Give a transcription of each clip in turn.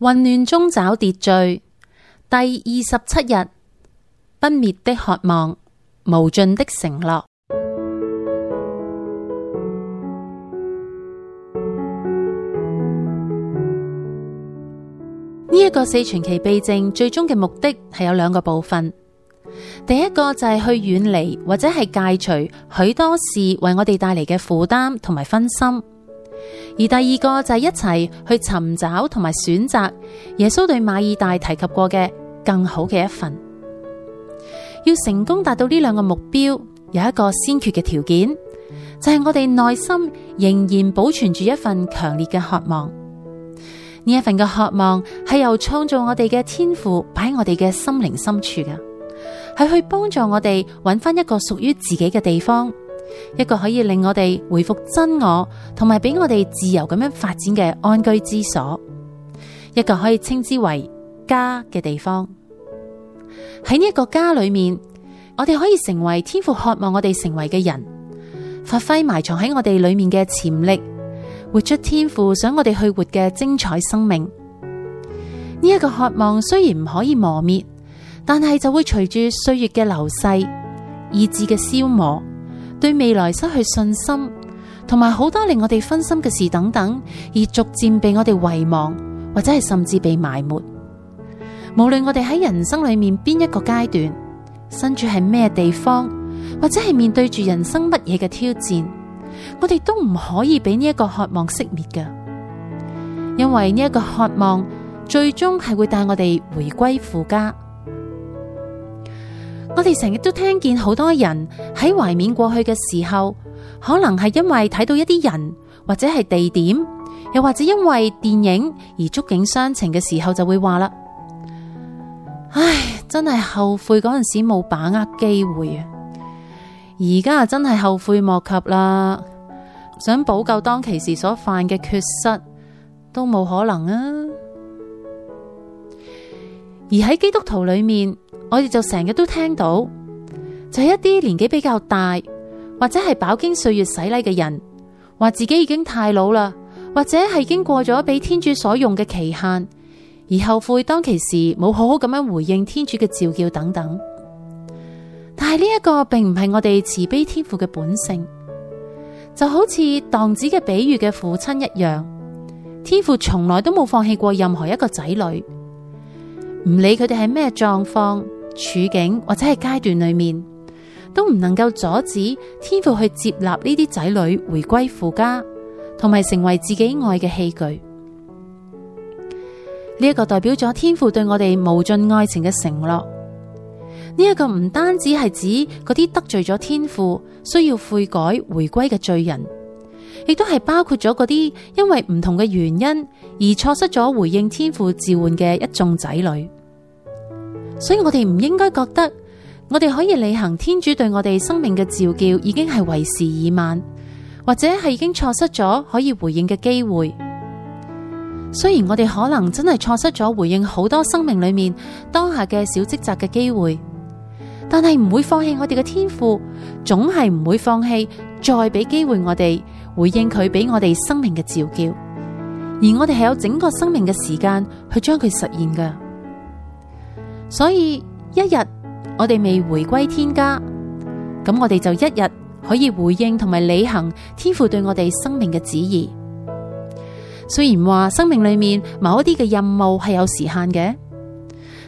混亂中找秩序。第二十七日，不滅的渴望，無盡的承諾。呢一個四旬期避靜最終嘅目的係有兩個部分。第一個就係去遠離或者係戒除許多事為我哋帶嚟嘅負擔同埋分心。而第二個就係一齊去尋找同埋選擇耶穌對馬爾大提及過嘅更好嘅一份。要成功達到呢兩個目標，有一個先決嘅條件，就係、是、我哋內心仍然保存住一份強烈嘅渴望。呢一份嘅渴望係由創造我哋嘅天父擺喺我哋嘅心靈深處嘅，係去幫助我哋揾翻一個屬於自己嘅地方。一個可以令我哋回復真我，同埋俾我哋自由咁樣發展嘅安居之所，一個可以稱之為家嘅地方。喺呢一個家裏面，我哋可以成為天父渴望我哋成為嘅人，發揮埋藏喺我哋裏面嘅潛力，活出天父想我哋去活嘅精彩生命。呢、這、一個渴望雖然唔可以磨滅，但係就會隨住歲月嘅流逝、意志嘅消磨。對未來失去信心，同埋好多令我哋分心嘅事等等，而逐漸被我哋遺忘，或者係甚至被埋沒。無論我哋喺人生裏面邊一個階段，身處係咩地方，或者係面對住人生乜嘢嘅挑戰，我哋都唔可以俾呢一個渴望熄滅嘅，因為呢一個渴望最終係會帶我哋回歸父家。我哋成日都聽見好多人喺懷緬過去嘅時候，可能係因為睇到一啲人或者係地點，又或者因為電影而觸景傷情嘅時候，就會話啦：「唉，真係後悔嗰陣時冇把握機會啊！而家真係後悔莫及啦！想補救當其時所犯嘅缺失，都冇可能啊！」而喺基督徒裏面，我哋就成日都聽到，就係一啲年紀比較大或者係飽經歲月洗禮嘅人，話自己已經太老啦，或者係已經過咗俾天主所用嘅期限，而後悔當其時冇好好咁樣回應天主嘅召叫等等。但係呢一個並唔係我哋慈悲天父嘅本性，就好似蕩子嘅比喻嘅父親一樣，天父從來都冇放棄過任何一個仔女，唔理佢哋係咩狀況。處境或者係階段裏面，都唔能夠阻止天父去接納呢啲仔女回歸父家，同埋成為自己愛嘅器具。呢一個代表咗天父對我哋無盡愛情嘅承諾。呢一個唔單止係指嗰啲得罪咗天父需要悔改回歸嘅罪人，亦都係包括咗嗰啲因為唔同嘅原因而錯失咗回應天父召喚嘅一眾仔女。所以我哋唔應該覺得，我哋可以履行天主對我哋生命嘅召叫，已經係為時已晚，或者係已經錯失咗可以回應嘅機會。雖然我哋可能真係錯失咗回應好多生命裏面當下嘅小職責嘅機會，但係唔會放棄我哋嘅天父，總係唔會放棄再俾機會我哋回應佢俾我哋生命嘅召叫，而我哋係有整個生命嘅時間去將佢實現嘅。所以一日我哋未回歸天家，咁我哋就一日可以回應同埋履行天父對我哋生命嘅旨意。雖然話生命裏面某一啲嘅任務係有時限嘅，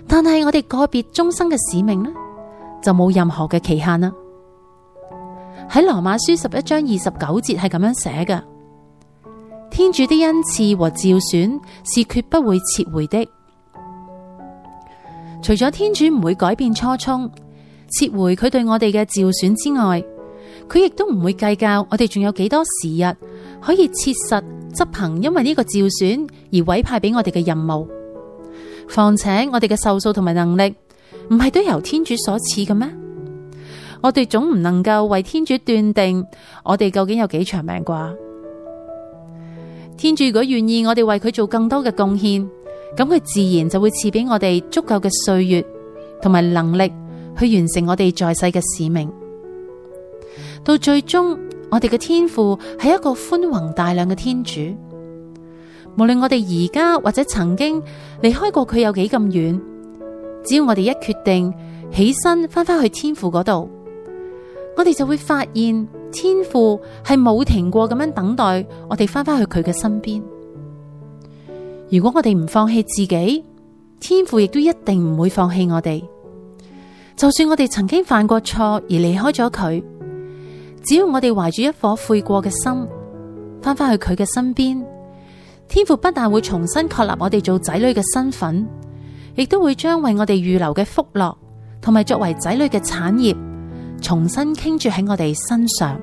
但係我哋個別終生嘅使命呢，就冇任何嘅期限啦。喺羅馬書十一章二十九節係咁樣寫㗎：「天主的恩賜和召選是決不會撤回的。」除咗天主唔會改變初衷，撤回佢對我哋嘅召選之外，佢亦都唔會計較我哋仲有幾多時日可以切實執行因為呢個召選而委派俾我哋嘅任務。況且我哋嘅壽數同埋能力，唔係都由天主所賜嘅咩？我哋總唔能夠為天主斷定我哋究竟有幾長命啩？天主如果願意，我哋為佢做更多嘅貢獻。咁佢自然就會賜俾我哋足夠嘅歲月同埋能力去完成我哋在世嘅使命。到最終，我哋嘅天父係一個寬宏大量嘅天主。無論我哋而家或者曾經離開過佢有幾咁遠，只要我哋一決定起身翻返去天父嗰度，我哋就會發現天父係冇停過咁樣等待我哋翻返去佢嘅身邊。如果我哋唔放棄自己，天父亦都一定唔會放棄我哋。就算我哋曾經犯過錯而離開咗佢，只要我哋懷住一顆悔過嘅心，翻返去佢嘅身邊，天父不但會重新確立我哋做仔女嘅身份，亦都會將為我哋預留嘅福樂，同埋作為仔女嘅產業，重新傾注喺我哋身上。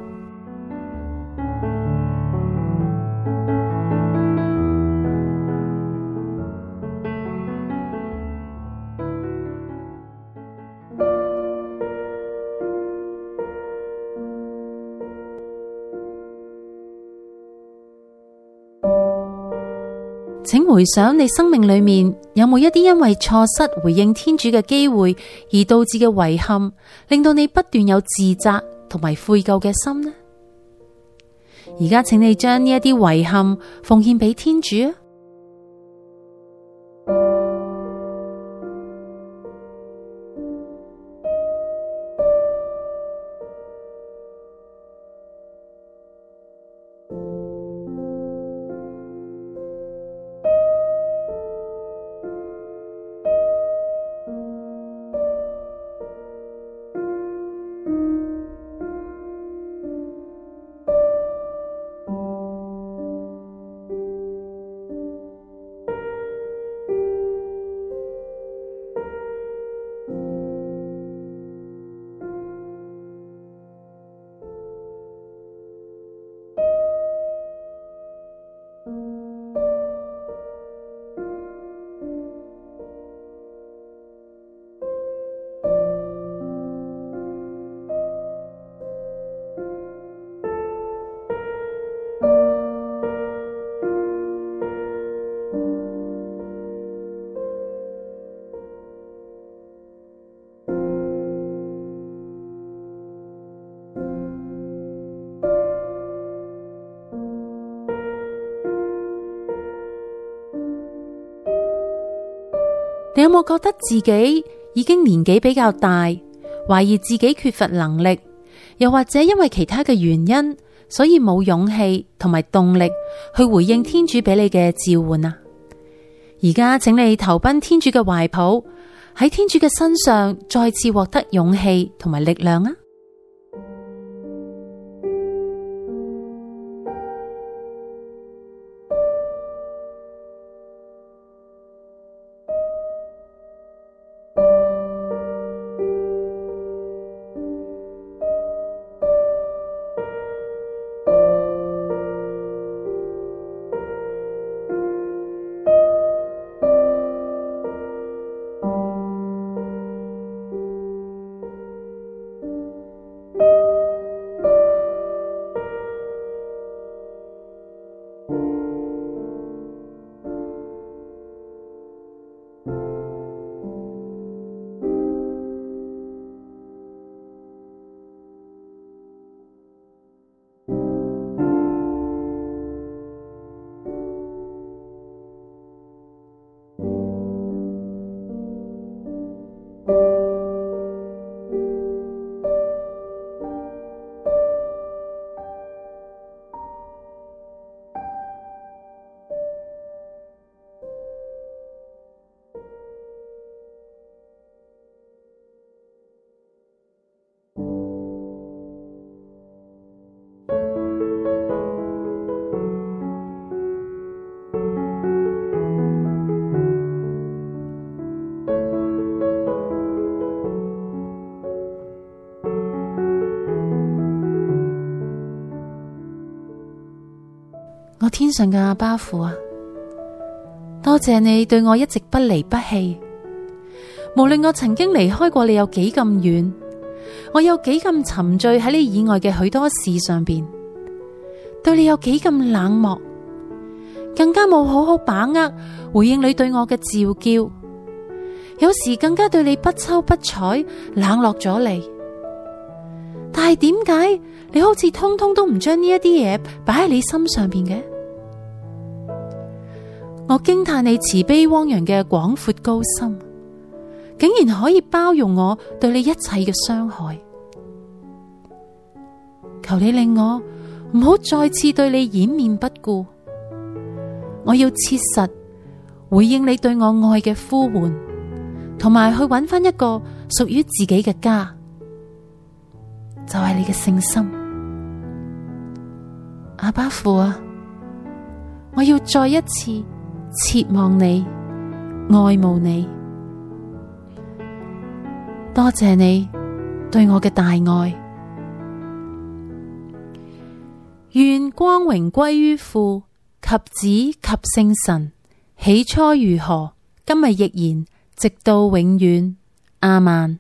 請回想你生命裏面有冇一啲因為錯失回應天主嘅機會而導致嘅遺憾，令到你不斷有自責同埋悔疚嘅心呢？而家請你將呢一啲遺憾奉獻俾天主啊！你有冇覺得自己已經年紀比較大，懷疑自己缺乏能力，又或者因為其他嘅原因，所以冇勇氣同埋動力去回應天主俾你嘅召喚啊？而家請你投奔天主嘅懷抱，喺天主嘅身上再次獲得勇氣同埋力量啊！我天上嘅阿爸父啊，多謝你對我一直不離不棄。無論我曾經離開過你有幾咁遠，我有幾咁沉醉喺你以外嘅許多事上邊，對你有幾咁冷漠，更加冇好好把握回應你對我嘅召叫。有時更加對你不瞅不睬，冷落咗你。但係點解你好似通通都唔將呢一啲嘢擺喺你心上邊嘅？我驚嘆你慈悲汪洋嘅廣闊高深，竟然可以包容我對你一切嘅傷害。求你令我唔好再次對你掩面不顧，我要切實回應你對我愛嘅呼喚，同埋去搵翻一個屬於自己嘅家，就係你嘅聖心，阿巴父啊！我要再一次。切望你，愛慕你，多謝你對我嘅大愛。願光榮歸於父及子及聖神，起初如何，今日亦然，直到永遠。亞孟。